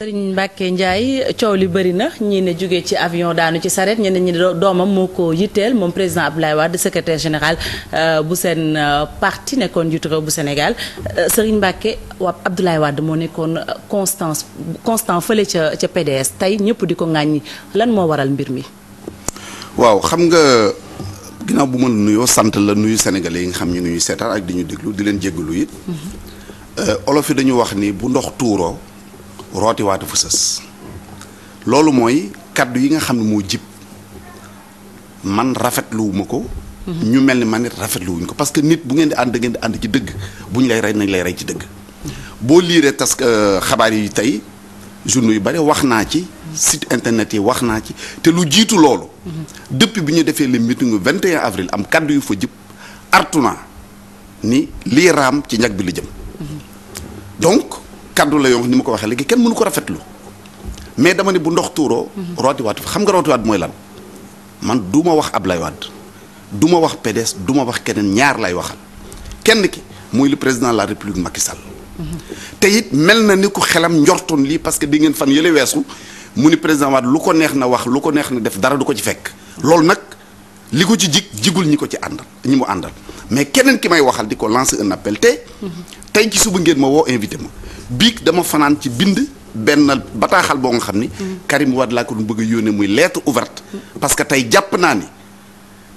Serigne Mbacke Ndiaye coow li bëri na ñii ne jóge ci avion daanu ci saret ñeneen ñi doomam moo ko yitteel moom président Abdoulaye Wade secrétaire général euh, bu seen euh, parti nekkoon njiitu bu Sénégal euh, Serigne Mbacke wa Abdoulaye moo nekkoon constance constant fële ca ca PDS tey ñëpp di ko ŋàññi lan moo waral mbir mi. waaw xam nga ginnaaw bu ma nuyoo sant la nuyu sénégalais yi nga xam ñu nuyu seetaan ak di ñu déglu di leen jéggalu it. Mm-hmm. olof yi dañu wax ni bu ndox tuuroo. rooti waatu fa sës loolu mooy kàddu yi nga xam ne moo jib man rafetluwuma ko. Mhm. ñu mel ni man it rafetluwuñ ko parce que nit bu ngeen di ànd da ngeen di ànd ci dëgg bu ñu lay rey nañ lay rey ci dëgg. Mhm. boo liiree tas euh, xabaar yi tey journaux yu bari wax naa ci. site internet yi wax naa ci te lu jiitu loolu. Mhm. depuis bi ñu defee le meeting 21 avril am kaddu yu fa jib artu naa ni lii raam ci ñag bi la jëm. kaddu la yoo ni ma ko waxee léegi kenn mënu ko rafetlu mais dama ne bu ndox tuuroo. rootiwaat xam nga rootiwaat mooy lan man du ma wax Ablaye Wade du ma wax PDS du ma wax keneen ñaar lay waxal kenn ki muy le président la république Macky Sall. te it mel na ni ku xelam njortoon lii parce que di ngeen fan yële weesu mu ni président Wade lu ko neex na wax lu ko neex na def dara du ko ci fekk. loolu nag li ko ci jig jigul ñi ko ci àndal ñi mu àndal mais keneen ki may waxal di ko lancer un appel te. tey ngeen ma woo invité ma. biig dama fanaan ci bind benn bataaxal boo nga xam ni mm. Karim Wade laa ko bëgg a muy lettre ouverte mm. parce que tey jàpp naa ni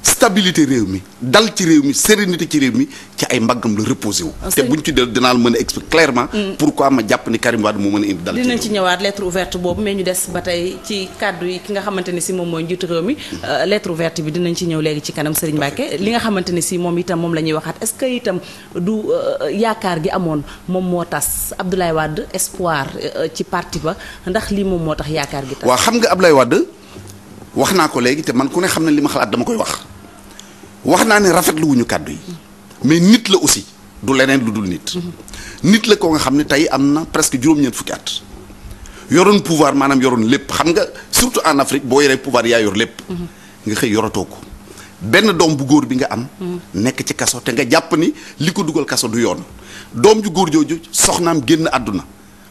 stabilité réew dal ci réew sérénité ci réew ci ay magam la reposer wu. te buñ ci del dinaa la mën expliquer clairement. Mm. pourquoi ma japp ni Karim Wade mo mën indi. dal ci dinañ ci ñëwaat lettre ouverte bobu mais ñu dess batay ci cadre yi ki nga xamanteni si mom moy jitt réew mm. euh, lettre ouverte bi dinañ ci ñëw légui ci kanam Serigne Mbacké li nga xamanteni si mom itam mom lañuy waxat est-ce que itam du euh, yaakaar gi amone mom mo tass Abdoulaye Wade espoir euh, ci parti ba ndax li mom motax tax gi tas. wa xam nga Abdoulaye Wade waxna ko légui té man ku ne xamna ne li ma xalaat dama koy wax wax naa ne rafetlu wuñu kàddu yi mais nit la aussi du leneen lu dul nit nit la ko nga xam ne tey am na presque juróom-ñeent fukki at yoroon pouvoir maanaam yoroon lépp xam nga surtout en Afrique boo yoree pouvoir yaa yor lépp nga xëy yoratoo ko benn doom bu góor bi nga am nekk ci kaso te nga jàpp ni li ko dugal kaso du yoon doom ju góor jooju soxnaam génn àdduna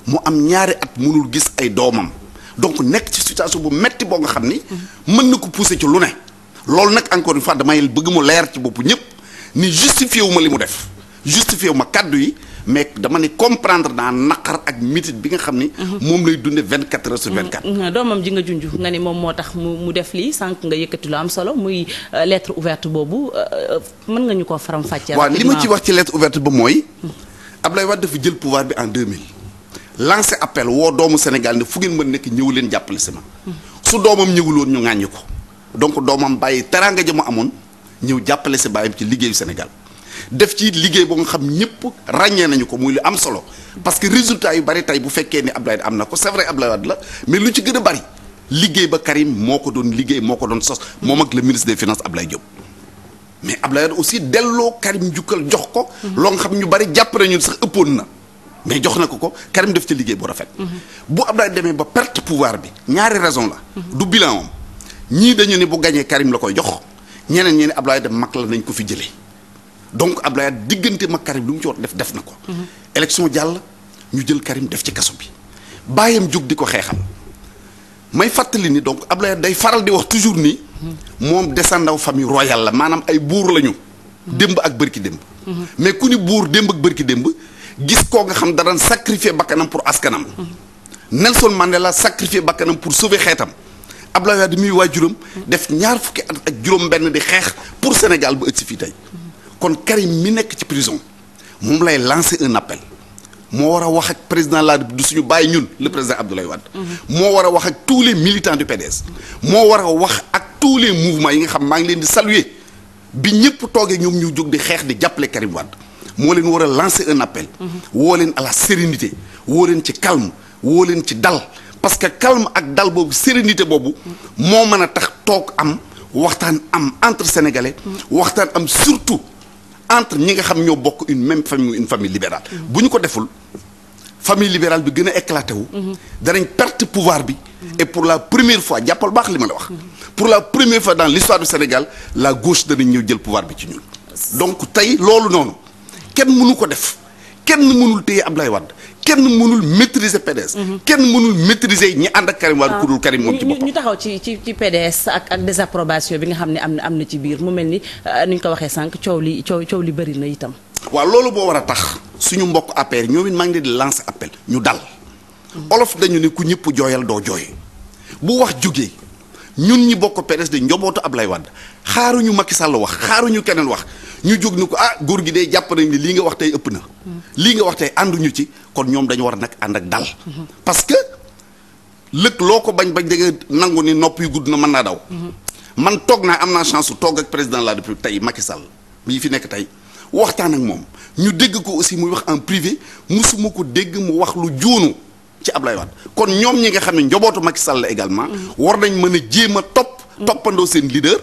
mu am ñaari at mënul gis ay doomam donc nekk ci situation bu metti boo nga xam ni mën na ko pousser ci lu ne loolu nak encore une fois damaay bëgg mu leer ci bop ñep ni justifier wu ma li def justifier wu ma kàddu yi mais dama ni comprendre naa nakar ak mitit bi nga xamni mom mhm. lay dundé 24 heures sur 24. Mhm. doomam ji nga junj nga ni mom motax mu def li sank nga yëkëti lu am solo muy euh, lettre ouverte bobu euh, mën nga ñuko ko faram fàccee. wa li ma ci wax ci lettre ouverte ba moy mhm. ablay wad dafa jël pouvoir bi en 2000. lancé appel wo doomu Sénégal ne fu ngeen mën nek ñëw leen jàppale si ma. su doomam ñëwuloon ñu ngañ ko. donc doomam bàyyi teraanga ja mu amoon ñëw jàppale si bàyyam ci liggéeyu Sénégal def ci liggéey boo nga xam ñëpp ràññee nañu ko muy lu am solo parce que résultat yu bari tey bu fekkee ni Abdoulaye am na ko c'est vrai Abdoulaye Wade la mais lu ci gën a bari liggéey ba Karim moo ko doon liggéey moo ko doon sos moom ak le ministre des finances Abdoulaye Diop mais Abdoulaye Wade aussi delloo Karim njukkal jox ko. loo nga xam ñu bari jàpp nañu sax ëppoon na. mais jox na ko ko Karim def ci liggéey bu rafet. Mhm. bu Abdoulaye demee ba perte pouvoir bi ñaari raison la. du bilan ñii dañu ne bu gañee Karim la koy jox ñeneen ñi ne Abdoulaye de mag la nañ ko fi jëlee donc Abdoulaye diggante mag Karim lu mu ci war def def na ko. Mhm. élection jàll ñu jël Karim def ci kaso bi bàyyam jóg di ko xeexal may fàttali ni donc Abdoulaye day faral di wax toujours ni. Mhm. moom descendant famille royale la maanaam ay buur lañu. Mhm. démb ak bërki démb. mais ku ni buur démb ak bërki démb gis koo nga xam da daan sacrifier bakkanam pour askanam. Nelson Mandela sacrifier bakkanam pour sauver Abdoulaye Wade muy waajuram def ñaar fukki at ak juróom-benn di xex pour Sénégal bu ëgg si fii kon Karim mi nek ci prison moom lay lancer un appel mo wara wax ak président la du suñu bàyyi ñun le président Abdoulaye Wade. mo wara wax ak tous les militants du PDS. mo wara wax ak tous les mouvements yi nga xam ma ngi leen di saluer bi ñepp toge ñoom ñu jóg di xex di jàppale Karim Wade mo leen wara lancer un appel. wo leen à la sérénité wo leen ci calme wo leen ci dal parce que calme ak dal sérénité bobu mo meuna tax tok am waxtan am entre sénégalais waxtan am surtout entre ñi nga xam ñoo bokk une même famille une famille libérale le ko deful famille libérale bi gëna éclaté wu danañ perte pouvoir bi et pour la première fois jàppal bax li ma la wax pour la première fois dans l'histoire du Sénégal la gauche dañ ñëw jël pouvoir bi ci ñun donc tay lolu nonu kenn mënu ko def kenn mënul téye Ablaye wad kenn mënul maîtriser PDS. Mhm. kenn mënul maîtriser ñi ànd ak Karim Wade ah. ku dul Karim ci boppam. ñu taxaw ci ci ci PDS ak ak désapprobation bi nga xam ne am na am na ci biir mu mel ni euh, ni ñu ko waxee sànq coow li coow coow li bëri na itam. waaw loolu boo war a tax suñu mbokk APR ñoom it maa ngi di lancer appel ñu dal. Mhm. olof dañu ne ku ñëpp jooyal doo jooy bu wax jógee ñun ñi bokk PDS de ablay wad xaru ñu Macky Sall wax ñu kenen wax ñu jog ñuko ah góor gi day japp nañ ni lii nga wax tay ëpp na li nga wax andu ñu ci kon ñom dañu war nak and ak dal parce que lekk loko bañ bañ da nga nangu ni nopp yu gudd na man na daw man tok na amna chance tok ak president de la depuis tay Macky Sall mi fi nek tay waxtaan ak mom ñu dégg ko aussi muy wax en privé musumako ko mu wax lu joonu ci Ablaye Wade kon ñoom ñi nga xam ne njobootu Macky Sall la également. war nañ mën a jéem a topp. toppandoo seen leader.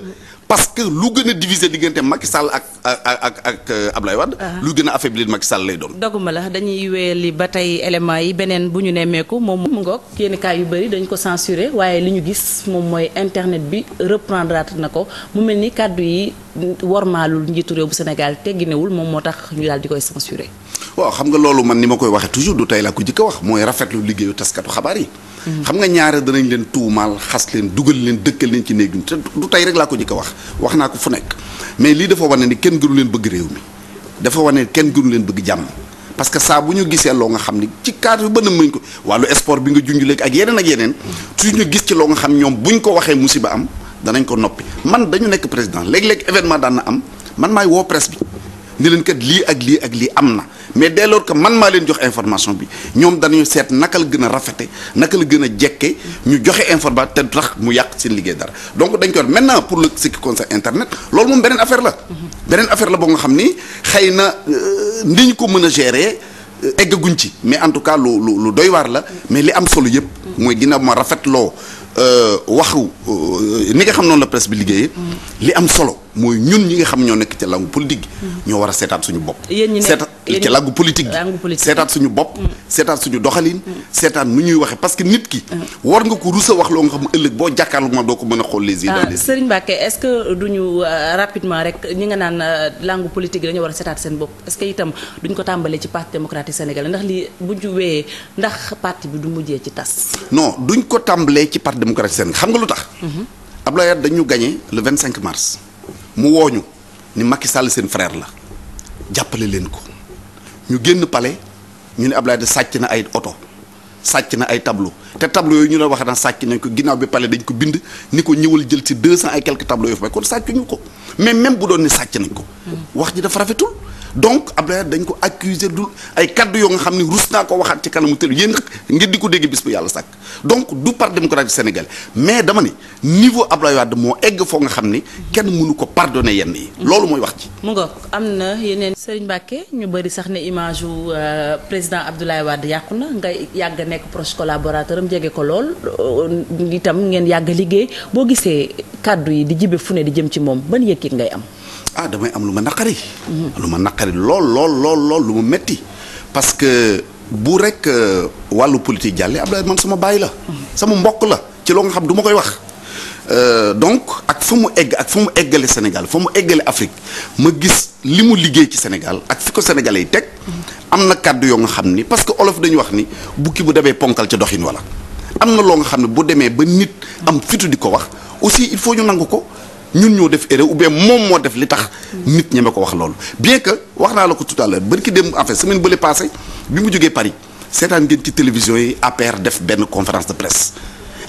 parce que lu gën a diviser diggante Macky Sall ak ak ak ak euh, Ablaye uh-huh. lu gën a affaiblir Macky Sall lay doon. doguma la dañuy weeli ba tey éléments yi beneen bu ñu nemmeeku moom mu ngoog yenn yu bëri dañ ko censuré waaye li ñu gis moom mooy internet bi reprendraat na ko mu mel ni kàddu yi wormaalul njiitu réew bu Sénégal tegginewul moom moo tax ñu daal di koy censuré. waaw xam nga loolu man ni ma koy waxee toujours du tey la ku jikko a wax mooy rafetlu liggéeyu taskatu xabaar yi mm-hmm. xam nga ñaare danañ leen tuumaal xas leen dugal leen dëkkal leen ci néeg te du tey rek laa ko jikko wax wax naa ko fu nekk mais lii dafa wane ni kenn gënu leen bëgg réew mi dafa wane kenn gënu leen bëgg jàmm parce que saa bu ñu gisee loo nga xam ni ci cadre yu ko wàllu sport bi nga junj léegi ak yeneen ak yeneen mm-hmm. gis ci loo nga xam ñoom buñ ko waxee musiba am danañ ko noppi man dañu nekk président léeg événement daan na am man maay woo presse bi ni leen kat lii ak lii ak lii am na mais dès lors man maa leen jox information bi ñoom danañu seet naka la gën a rafete naka la gën a jekke ñu joxe information te tax mu yàq seen liggéey dara donc dañ ko wax maintenant pour le ce qui concerne internet loolu moom beneen affaire la beneen affaire la boo nga xam ni xay na euh, ni ñu ko mën a gérer euh, eggaguñ ci mais en tout cas lu lu lu doy waar la mais li am solo yëpp mooy ginnaaw ma rafetloo euh, waxu ni nga xam noo la presse mooy ñun ñi nga xam ñoo nekk ci langu politique gi. Mm-hmm. ñoo war a seetaat suñu bopp. yéen ñi nekk ci mm-hmm. suñu doxalin. Mm-hmm. seetaat nu ñuy waxee parce que nit ki. war nga ko rusa wax loo nga xam ëllëg boo jàkkaarloo ma doo ko mën a xool les yeux ah, dans les yeux. Serigne euh, nga naan euh, langue politique yi dañoo war a seetaat seen bopp est-ce que itam duñ ko tàmbalee ci parti démocratique sénégalais ndax lii buñ ci wéyee ndax parti bi du mujjee ci tas. non duñ ko tàmbalee ci parti démocratique sénégalais xam nga lu tax. Abdoulaye dañu gagné le 25 mars mu wooñu ni Macky Sall seen frère la jàppale leen ko ñu génn pale ñu ne Abdoulaye de sàcc na ay oto sàcc na ay tableau te tableau yooyu ñu doon wax na sàcc nañ ko ginnaaw bi pale dañ ko bind ni ko ñëwal jël ci deux cent ay quelques tableaux yoo fa kon sàcc ñu ko mais même bu doon ni sàcc nañ ko wax ji dafa rafetul donc Abdoulaye dañ ko accuser du ay kaddu yoo nga xam ne rus naa ko waxaat ci kanamu télé yéen ngeen di ko dégg bis bu yàlla sàkk donc du parti démocratique sénégalais mais dama ne niveau Abdoulaye wadd moo egg foo nga xam ni kenn mënu ko pardonner yenn yi. loolu mooy wax ci. mu nga am na yeneen Serigne Mbacké ñu bëri sax ne image yu euh, président Abdoulaye Wade yàqu na nga yàgg nekk proche collaborateur am jege ko lool euh, itam ngeen yàgg liggéey boo gisee kaddu yi di jibe fu ne di jëm ci moom ban yëkkit ngay am. ah damay am lu ma naqari. lu ma naqari lool lool lool lool lu mu metti parce que bu rek euh, wàllu politique jàlle Abdoulaye man sama bàyyi la. sama mbokk la ci loo nga xam du ma koy wax. Euh, donc ak fa mu egg ak fa mu eggale Sénégal fa mu eggale Afrique ma gis li mu liggéey ci Sénégal ak fi ko Sénégalais yi am na kàddu yoo nga xam ni parce que olof dañu wax ni bukki bu demee ponkal ca doxin wala am na loo nga xam ne bu demee ba nit am fitu di ko wax aussi il faut ñu nangu ko. ñun ñoo def erreur ou moom moo def li tax nit ñeme ko wax loolu bien que wax naa la ko tout à l'heure bari ki dem en fait semaine bële passé bi mu jógee Paris seetaan ngeen ci télévision yi APR def benn conférence de presse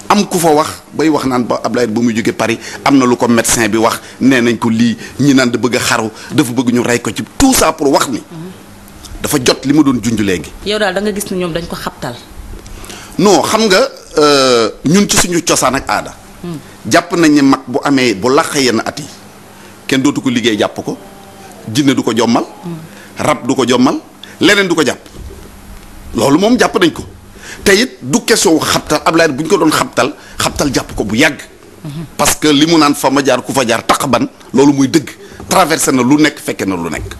am ku fa wax bay wax naan ba Abdoulaye ba muy jógee Paris am na lu ko médecin bi wax nee nañ ko lii ñi naan da bëgg a xaru dafa bëgg ñu rey ko ci tout ça pour wax ni dafa jot li ma doon junj léegi. yow daal danga gis ne ñoom dañ ko xabtal. non xam nga euh, ñun ci suñu cosaan ak jàpp nañ ne mag bu amee bu laq yenn at yi kenn dootu ko liggéey jàpp ko jinne du ko jommal rab du ko jommal leneen du ko jàpp loolu moom jàpp nañ ko te it du question xabtal Ablaye bu ñu ko doon xabtal xaptal jàpp ko bu yàgg parce que li mu naan fa ma jaar ku fa jaar taq ban loolu muy dëgg traversé na lu nekk fekke na lu nekk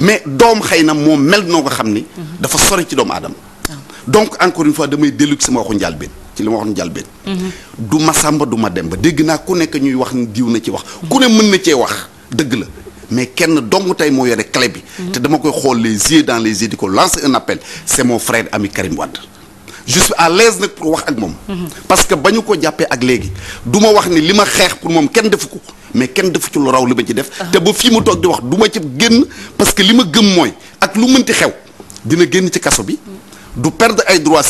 mais doom xëy na moom mel noo ko xam ni dafa sori ci doomu aadama ah. donc encore une fois damay dellu ci sama waxu njaal benn ci li ma waxoon njëlbeen. Mhm. du ma sàmba du ma dem ba dégg naa ku nekk ñuy wax diw na ci wax ku ne mën na cee wax dëgg la mais kenn dong tey moo yore clé bi. Mhm. te dama koy xool les yeux dans les yeux di ko lancer un appel c' à l'aise nag pour wax ak moom. Mhm. parce que ba ñu ko jàppee ak léegi du ma wax ni li ma xeex pour moom kenn defu ko mais kenn defu ci lu raw li ma ci def. Ah. te ba fii mu toog di wax du ma ci génn parce que li ma gëm mooy ak lu mënti xew dina génn ci kaso bi. du perdre ay droits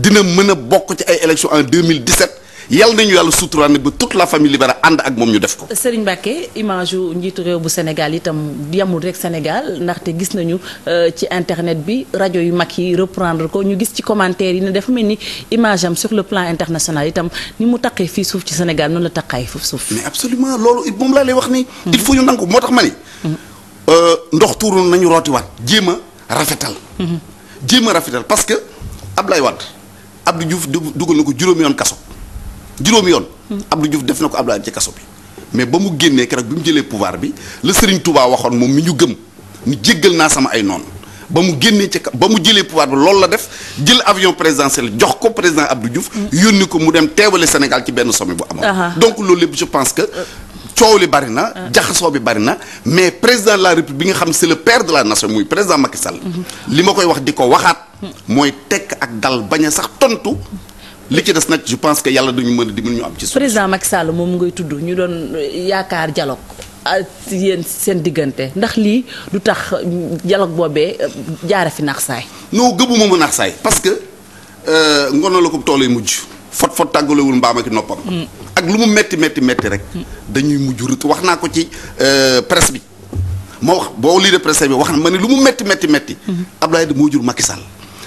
dina mën a bokk ci ay élections en 2017 yalla nañu yalla suturaan ba toute la famille libérale and ak mom ñu def ko. Serigne Mbacké image yu njiitu bu Sénégal itam yamul rek Sénégal ndaxte gis nañu euh, ci internet bi radio yu mag yi reprendre ko ñu gis ci commentaire yi ne dafa melni ni image am sur le plan international itam ni mu taxé fi suuf ci Sénégal non la taxay foofu suuf. mais absolument loolu moom la lay wax ni. Mhm. il faut ñu nangu motax tax mhm. euh ni. ndox tourul nañu rootiwaat jima a rafetal. Mhm. jéem rafetal parce que Ablaye Wade. Abdou Diouf dugal na ko juróomi yoon kaso juróomi yoon. Abdou Diouf def na ko Abdoulaye ci kaso bi. mais ba mu génnee keroog bi mu jëlee pouvoir bi la Serigne Touba waxoon moom mi ñu gëm ni jéggal naa sama ay noon ba mu génnee ca ba mu jëlee pouvoir bi loolu la def jël avion présidentiel jox ko président Abdou Diouf. yónni ko mu dem teebale Sénégal ci benn sommet bu amoon. donc loolu lépp je pense que. coow li bari na. Euh. jaxasoo bi bari na mais président la république bi nga xam c'est le père de la nation muy président Macky Sall. Mhm. li ma moy tek ak dal baña sax tontu li ci dess nak je pense que yalla duñu meun di meun ñu am ci suuf. président Macky Sall mom ngoy tuddu ñu eh, yaakar dialog ak yeen sen digënté ndax li du tax dialog bobé eh, jaara fi nax say no geubu mu nax say parce que euh, ngono la ko tool mujj. fot fot wul mbaam ak nopam hmm. ak lu mu metti metti metti rek. Hmm. dañuy mujj rut waxna ko ci euh, presse bi mo wax li de presse bi waxna mané lu mu metti metti metti. Hmm. Abdoulaye de moo jur Macky Sall.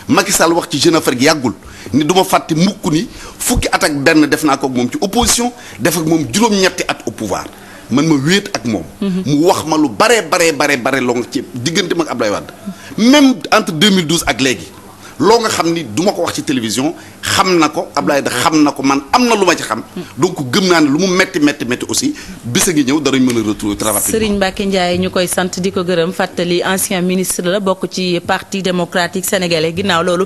Macky Sall wax ci Jeune Afrique yàggul ni duma fatte mukk ni fukki at ak benn def naa ko ak mom ci opposition def ak moom juróom-ñetti at au pouvoir man ma wéet ak mom mhm. mu wax ma lu bare bare bare bare long ci digënté mak Abdoulaye Wade. même entre 2012 ak légui loo nga xam ni du ma ko wax ci télévision xam na ko Ablaye da xam na ko man am na lu ma ci xam. donc gëm naa ni lu mu metti metti metti aussi bés a ngi ñëw darañ mën a retrouver très rapidement. Serigne Mbacké ñu koy sant di ko gërëm fàttali ancien ministre la bokk ci parti démocratique sénégalais ginnaaw loolu.